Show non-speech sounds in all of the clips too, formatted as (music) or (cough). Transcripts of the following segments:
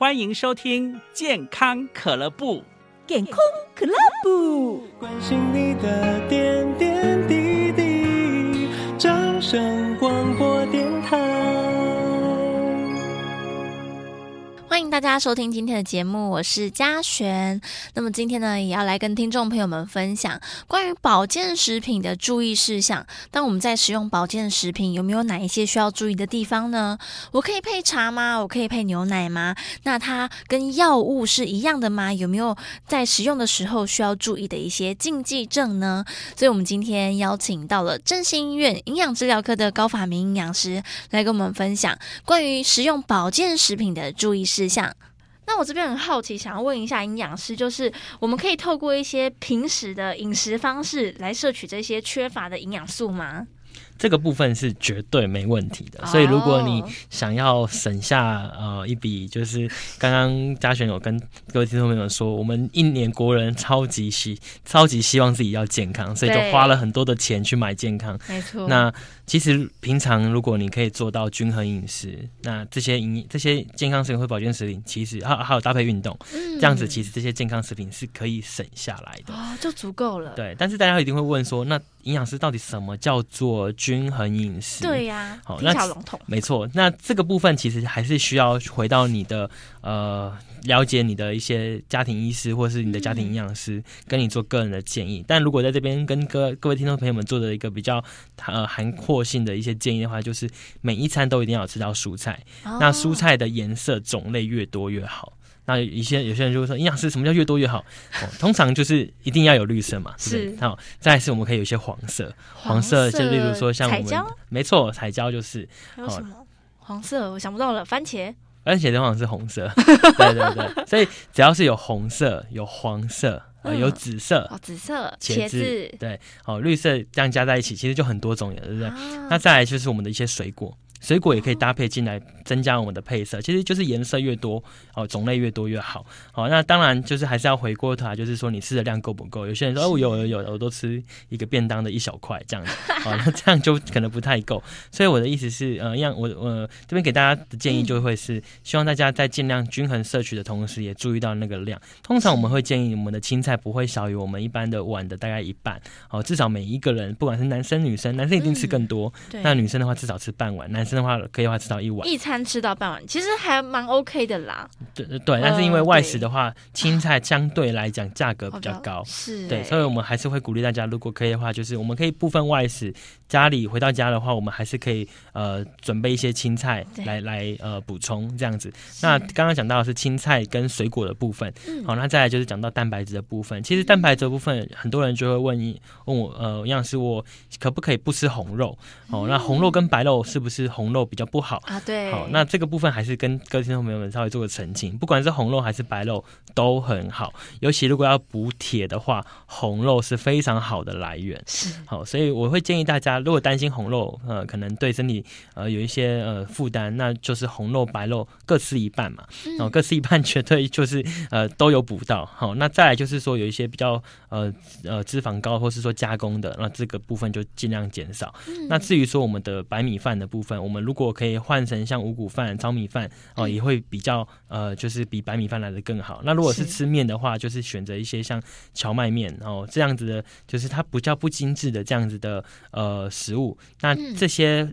歡迎收聽健康可樂部，健康可樂部關心你的點點滴滴，掌聲廣播。大家收聽今天的節目，我是嘉璇。那麼今天呢，也要來跟聽眾朋友們分享關於保健食品的注意事項。當我們在使用保健食品，有沒有哪一些需要注意的地方呢？我可以配茶嗎？我可以配牛奶嗎？那它跟藥物是一樣的嗎？有沒有在使用的時候需要注意的一些禁忌症呢？所以，我們今天邀請到了振興醫院營養治療科的高法民營養師來跟我們分享關於食用保健食品的注意事項。那我這邊很好奇，想要問一下營養師，就是我們可以透過一些平時的飲食方式來攝取這些缺乏的營養素嗎？這個部分是絕對沒問題的，oh. 所以如果你想要省下呃一筆， (laughs) 就是剛剛嘉璇有跟各位聽眾朋友們說，我們一年國人超級希超級希望自己要健康，對所以就花了很多的錢去買健康。沒錯。那其實平常如果你可以做到均衡飲食，那這些營這些健康食品或保健食品，其實還、啊、還有搭配運動，嗯、這樣子其實這些健康食品是可以省下來的，啊，oh, 就足夠了。對。但是大家一定會問說，那營養師到底什麼叫做均均衡飲食，對呀、啊，好，那小籠統，沒錯。那這個部分其實還是需要回到你的呃，了解你的一些家庭醫師或是你的家庭營養師，嗯、跟你做個人的建議。但如果在這邊跟各各位聽眾朋友們做的一個比較呃，含括性的一些建議的話，就是每一餐都一定要吃到蔬菜，哦、那蔬菜的顏色種類越多越好。那有一些有些人就會說，營養師什麼叫越多越好？通常就是一定要有綠色嘛，是。好，再來是我們可以有一些黃色，黃色就例如說像我們，沒錯，彩椒就是。還有什麼？黃色我想不到了，番茄。番茄通常是紅色，對對對。所以，只要是有紅色、有黃色、啊有紫色，紫色，茄子，對，哦綠色這樣加在一起，其實就很多種顏色，對不對？那再來就是我們的一些水果。水果也可以搭配進來，增加我們的配色，其實就是顏色越多，哦，種類越多越好。好、哦，那當然就是還是要回過頭來，就是說你吃的量夠不夠？有些人說，哦，有有有，我都吃一個便當的一小塊這樣子，好、 (laughs) 哦，那這樣就可能不太夠。所以我的意思是，呃，讓我我、呃、這邊給大家的建議就會是，希望大家在盡量均衡攝取的同時，也注意到那個量。通常我們會建議我們的青菜不會少於我們一般的碗的大概一半，哦，至少每一個人，不管是男生女生，男生一定吃更多，嗯、對那女生的話至少吃半碗，男。真的，的話，可以的話吃到一碗，一餐吃到半碗，其實還蠻 OK 的啦。對對，那、呃、是因為外食的話，對青菜相對來講價格比較高，啊、是、欸、對，所以我們還是會鼓勵大家，如果可以的話，就是我們可以部分外食，家裡回到家的話，我們還是可以呃準備一些青菜來對來呃補充這樣子。是那剛剛講到的是青菜跟水果的部分，好、嗯哦，那再來就是講到蛋白質的部分。其實蛋白質的部分，嗯、很多人就會問你問我呃營養師，我可不可以不吃紅肉？嗯、哦，那紅肉跟白肉是不是？紅肉比較不好啊，對，好，那這個部分還是跟各位聽眾朋友們稍微做個澄清，不管是紅肉還是白肉都很好，尤其如果要補鐵的話，紅肉是非常好的來源。是，好，所以我會建議大家，如果擔心紅肉，呃，可能對身體呃有一些呃負擔，那就是紅肉白肉各吃一半嘛，然後、嗯、各吃一半，絕對就是呃都有補到。好，那再來就是說有一些比較呃呃脂肪高或是說加工的，那這個部分就盡量減少。嗯、那至於說我們的白米飯的部分，我們如果可以換成像五穀飯、糙米飯哦，也會比較呃，就是比白米飯來得更好。那如果是吃麵的話，是就是選擇一些像蕎麥麵哦這樣子的，就是它比較不精緻的這樣子的呃食物。那這些。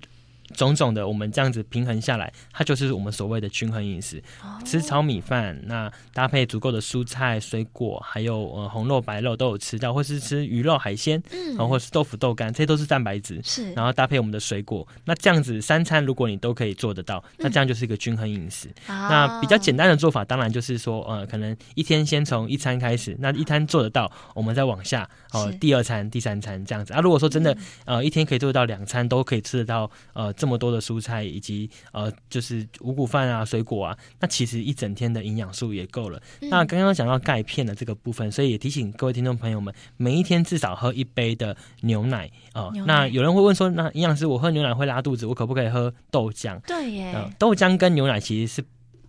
種種的，我們這樣子平衡下來，它就是我們所謂的均衡飲食。吃糙米飯，那搭配足夠的蔬菜、水果，還有、呃、紅肉、白肉都有吃到，或是吃魚肉、海鮮，呃、然後或是豆腐、豆干，這些都是蛋白質。是，然後搭配我們的水果。那這樣子三餐如果你都可以做得到，那這樣就是一個均衡飲食。嗯、那比較簡單的做法，當然就是說，呃，可能一天先從一餐開始，那一餐做得到，我們再往下哦、呃，第二餐、第三餐這樣子啊。如果說真的，呃，一天可以做得到兩餐，都可以吃得到，呃。這麼多的蔬菜以及呃，就是五穀飯啊、水果啊，那其實一整天的營養素也夠了。嗯、那剛剛講到鈣片的這個部分，所以也提醒各位聽眾朋友們，每一天至少喝一杯的牛奶哦、呃、牛奶。那有人會問說，那營養師，我喝牛奶會拉肚子，我可不可以喝豆漿？對耶，呃、豆漿跟牛奶其實是。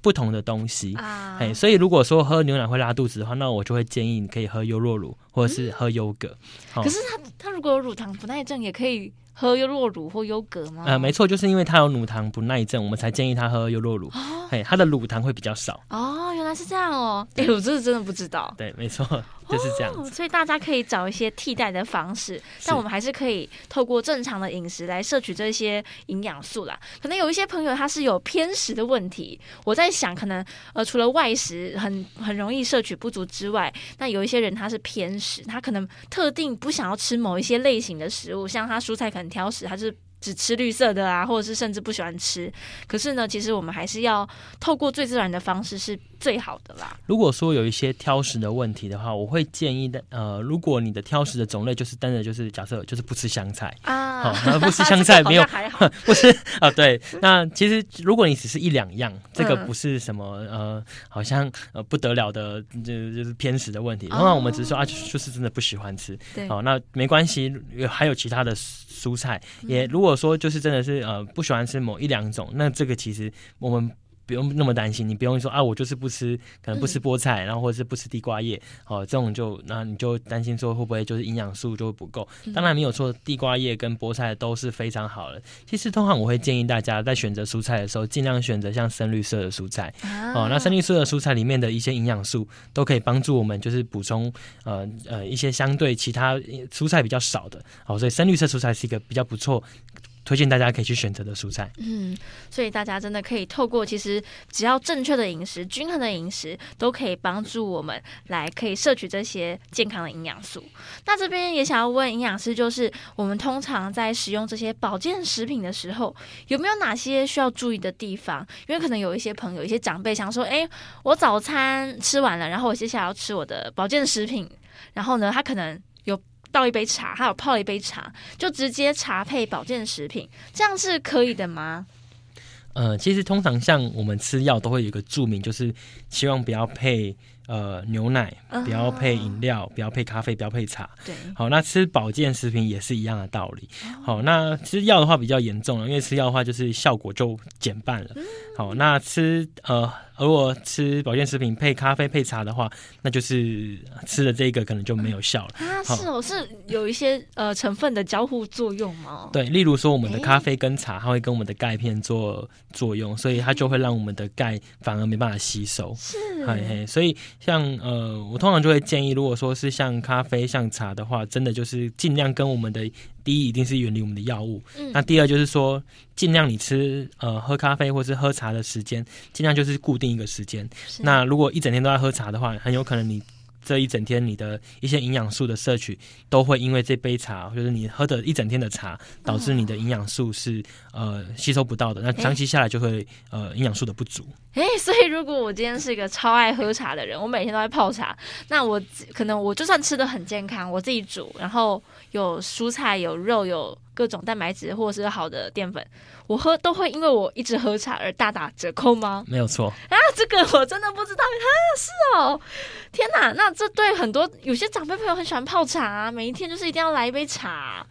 不同的東西，哎、啊，所以如果說喝牛奶會拉肚子的話，那我就會建議你可以喝優酪乳或者是喝優格。嗯哦、可是他他如果有乳糖不耐症，也可以喝優酪乳或優格嗎？啊、呃，沒錯，就是因為他有乳糖不耐症，我們才建議他喝優酪乳，哎、哦，他的乳糖會比較少、哦那是這樣哦，哎、欸，我這是真的不知道。對，沒錯，就是這樣。哦，所以大家可以找一些替代的方式， (laughs) 是但我們還是可以透過正常的飲食來攝取這些營養素啦。可能有一些朋友他是有偏食的問題，我在想，可能呃，除了外食很很容易攝取不足之外，那有一些人他是偏食，他可能特定不想要吃某一些類型的食物，像他蔬菜可能挑食，他是。只吃綠色的啊，或者是甚至不喜歡吃。可是呢，其實我們還是要透過最自然的方式是最好的啦。如果說有一些挑食的問題的話，我會建議的，呃，如果你的挑食的種類就是單的，就是假設就是不吃香菜啊，好，那不吃香菜沒有、啊這個、不吃啊，對，那其實如果你只是一兩樣，這個不是什麼、嗯、呃，好像呃不得了的，就就是偏食的問題。然後我們只是說、哦、啊、就是，就是真的不喜歡吃，對好，那沒關係，有還有其他的蔬菜也如果。嗯如果說就是真的是呃不喜歡吃某一兩種，那這個其實我們。不用那麼擔心，你不用說啊，我就是不吃，可能不吃菠菜，然後或者是不吃地瓜葉，好、哦，這種就那、啊、你就擔心說會不會就是營養素就會不夠？當然沒有錯，地瓜葉跟菠菜都是非常好的。其實通常我會建議大家在選擇蔬菜的時候，儘量選擇像深綠色的蔬菜，好、哦，那深綠色的蔬菜裡面的一些營養素都可以幫助我們，就是補充呃呃一些相對其他蔬菜比較少的，好、哦，所以深綠色蔬菜是一個比較不錯。推薦大家可以去選擇的蔬菜，嗯，所以大家真的可以透過其實只要正確的飲食、均衡的飲食，都可以幫助我們來可以攝取這些健康的營養素。那這邊也想要問營養師，就是我們通常在使用這些保健食品的時候，有沒有哪些需要注意的地方？因為可能有一些朋友、一些長輩想說：“哎、欸，我早餐吃完了，然後我接下來要吃我的保健食品，然後呢，他可能。”倒一杯茶，還有泡一杯茶，就直接茶配保健食品，這樣是可以的嗎？呃，其實通常像我們吃藥都會有一個注明，就是希望不要配，呃，牛奶不要配飲料，uh huh. 不要配咖啡，不要配茶。對，好，那吃保健食品也是一樣的道理。好，那吃藥的話比較嚴重了，因為吃藥的話就是效果就減半了。好，那吃呃，如果吃保健食品配咖啡配茶的話，那就是吃了這個可能就沒有效了。啊，是哦，是有一些呃成分的交互作用嗎？對，例如說我們的咖啡跟茶，它會跟我們的鈣片做作用，所以它就會讓我們的鈣反而沒辦法吸收。是，嘿，嘿，所以。像呃，我通常就會建議，如果說是像咖啡、像茶的話，真的就是盡量跟我們的第一一定是遠離我們的藥物，嗯、那第二就是說，盡量你吃呃喝咖啡或是喝茶的時間，盡量就是固定一個時間。是。那如果一整天都在喝茶的話，很有可能你。這一整天，你的一些營養素的攝取都會因為這杯茶，就是你喝的一整天的茶，導致你的營養素是、嗯、呃吸收不到的。那長期下來就會、欸、呃營養素的不足。哎、欸，所以如果我今天是一個超愛喝茶的人，我每天都在泡茶，那我可能我就算吃得很健康，我自己煮，然後有蔬菜有肉有。各種蛋白質或者是好的澱粉，我喝都會因為我一直喝茶而大打折扣嗎？沒有錯啊，這個我真的不知道啊，是哦，天哪，那這對很多有些長輩朋友很喜歡泡茶、啊，每一天就是一定要來一杯茶、啊。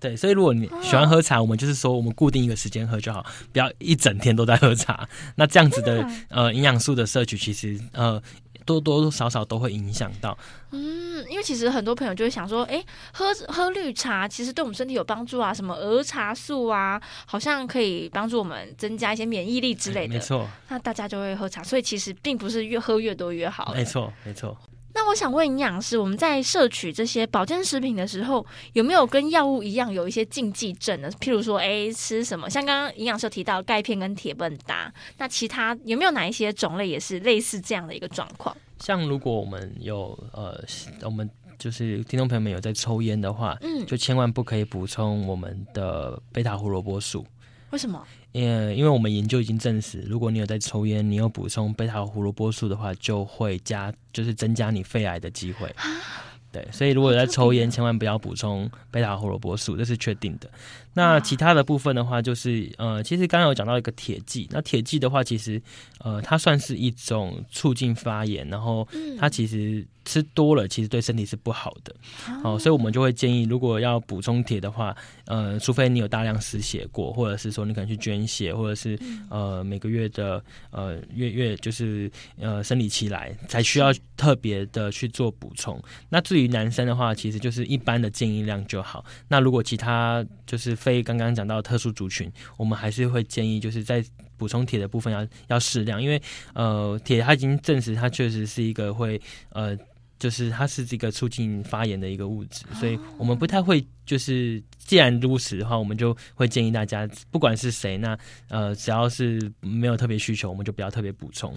對，所以如果你喜歡喝茶，啊、我們就是說我們固定一個時間喝就好，不要一整天都在喝茶。那這樣子的天哪，呃營養素的攝取其實呃。多多多少少都會影響到。嗯，因為其實很多朋友就會想說，哎、欸，喝喝綠茶其實對我們身體有幫助啊，什麼兒茶素啊，好像可以幫助我們增加一些免疫力之類的。欸、沒錯，那大家就會喝茶，所以其實並不是越喝越多越好了。沒錯，沒錯。那我想問營養師，我們在攝取這些保健食品的時候，有沒有跟藥物一樣有一些禁忌症呢？譬如說，哎、欸，吃什麼？像剛剛營養師提到鈣片跟鐵不能搭，那其他有沒有哪一些種類也是類似這樣的一個狀況？像如果我們有呃，我們就是聽眾朋友們有在抽煙的話，嗯，就千萬不可以補充我們的貝塔胡蘿蔔素。為什麼？因、yeah, 因為我們研究已經證實，如果你有在抽菸，你有補充貝塔胡蘿蔔素的話，就會加，就是增加你肺癌的機會。對，所以如果有在抽菸，千萬不要補充貝塔胡蘿蔔素，這是確定的。那其他的部分的話，就是呃，其實剛剛有講到一個鐵劑。那鐵劑的話，其實呃，它算是一種促進發炎，然後它其實吃多了其實對身體是不好的。好、呃，所以我們就會建議，如果要補充鐵的話，呃，除非你有大量失血過，或者是說你可能去捐血，或者是呃每個月的呃月月就是呃生理期來才需要特別的去做補充。那至於男生的話，其實就是一般的建議量就好。那如果其他就是。非剛剛講到特殊族群，我們還是會建議就是在補充鐵的部分要要適量，因為呃鐵它已經證實它確實是一個會呃。就是它是這個促進發炎的一個物質，所以我們不太會。就是既然如此的話，我們就會建議大家，不管是誰，那呃，只要是沒有特別需求，我們就不要特別補充。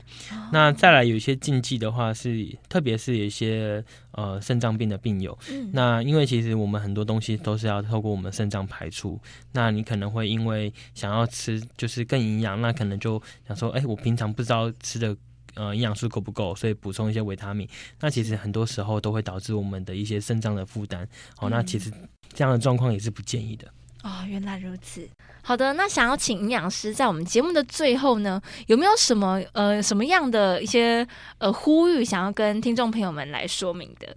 那再來有一些禁忌的話是，是特別是有一些呃腎臟病的病友，嗯、那因為其實我們很多東西都是要透過我們腎臟排出，那你可能會因為想要吃就是更營養，那可能就想說，哎、欸，我平常不知道吃的。呃，營養素夠不夠？所以補充一些維他命，那其實很多時候都會導致我們的一些腎臟的負擔。好，哦，那其實這樣的狀況也是不建議的。嗯。哦，原來如此。好的，那想要請營養師在我們節目的最後呢，有沒有什麼呃什麼樣的一些呃呼籲，想要跟聽眾朋友們來說明的？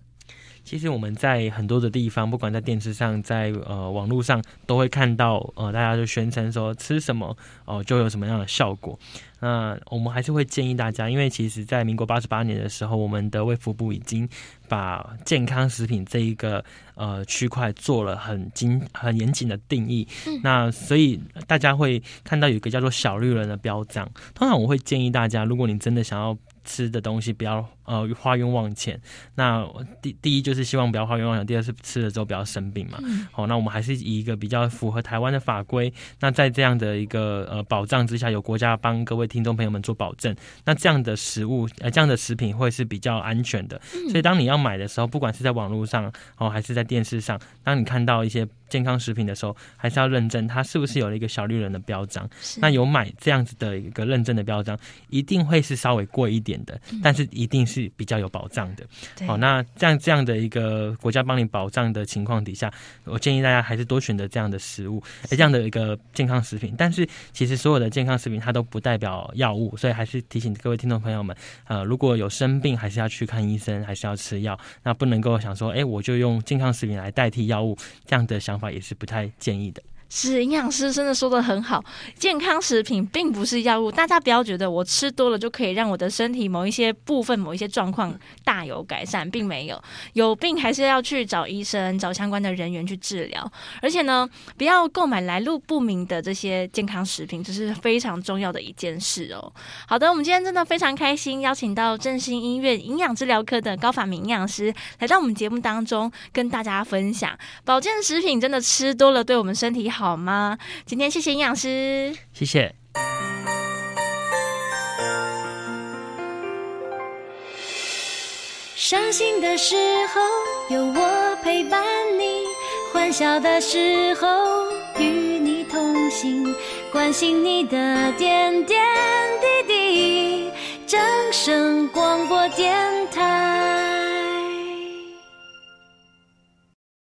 其實我們在很多的地方，不管在電視上、在呃網絡上，都會看到呃，大家就宣稱說吃什麼哦、呃，就有什麼樣的效果。那我們還是會建議大家，因為其實，在民國八十八年的時候，我們的衛福部已經把健康食品這一個呃區塊做了很精、很嚴謹的定義。嗯、那所以大家會看到有一個叫做小綠人的標章。通常我會建議大家，如果你真的想要吃的東西，不要。呃，花冤枉錢。那第第一就是希望不要花冤枉錢，第二是吃了之後不要生病嘛。好、嗯哦，那我們還是以一個比較符合台灣的法規。那在這樣的一個呃保障之下，有國家幫各位聽眾朋友們做保證。那這樣的食物，呃，這樣的食品會是比較安全的。嗯、所以當你要買的時候，不管是在網絡上哦，還是在電視上，當你看到一些健康食品的時候，還是要認證它是不是有了一個小綠人的標章。是。那有買這樣子的一個認證的標章，一定會是稍微貴一點的，但是一定是。是比較有保障的。好對、哦，那這樣這樣的一個國家幫你保障的情況底下，我建議大家還是多選擇這樣的食物，這樣的一個健康食品。但是，其實所有的健康食品它都不代表藥物，所以還是提醒各位聽眾朋友們，呃，如果有生病，還是要去看醫生，還是要吃藥。那不能夠想說，哎、欸，我就用健康食品來代替藥物，這樣的想法也是不太建議的。是營養師真的說的很好，健康食品並不是藥物，大家不要覺得我吃多了就可以讓我的身體某一些部分、某一些狀況大有改善，並沒有。有病還是要去找醫生、找相關的人員去治療，而且呢，不要購買來路不明的這些健康食品，這是非常重要的一件事哦。好的，我們今天真的非常開心，邀請到振興醫院營養治療科的高法民營養師來到我們節目當中，跟大家分享，保健食品真的吃多了對我們身體好。好嗎？今天謝謝營養師，謝謝。傷心的時候有我陪伴你，歡笑的時候與你同行，關心你的點點滴滴。正聲廣播電台。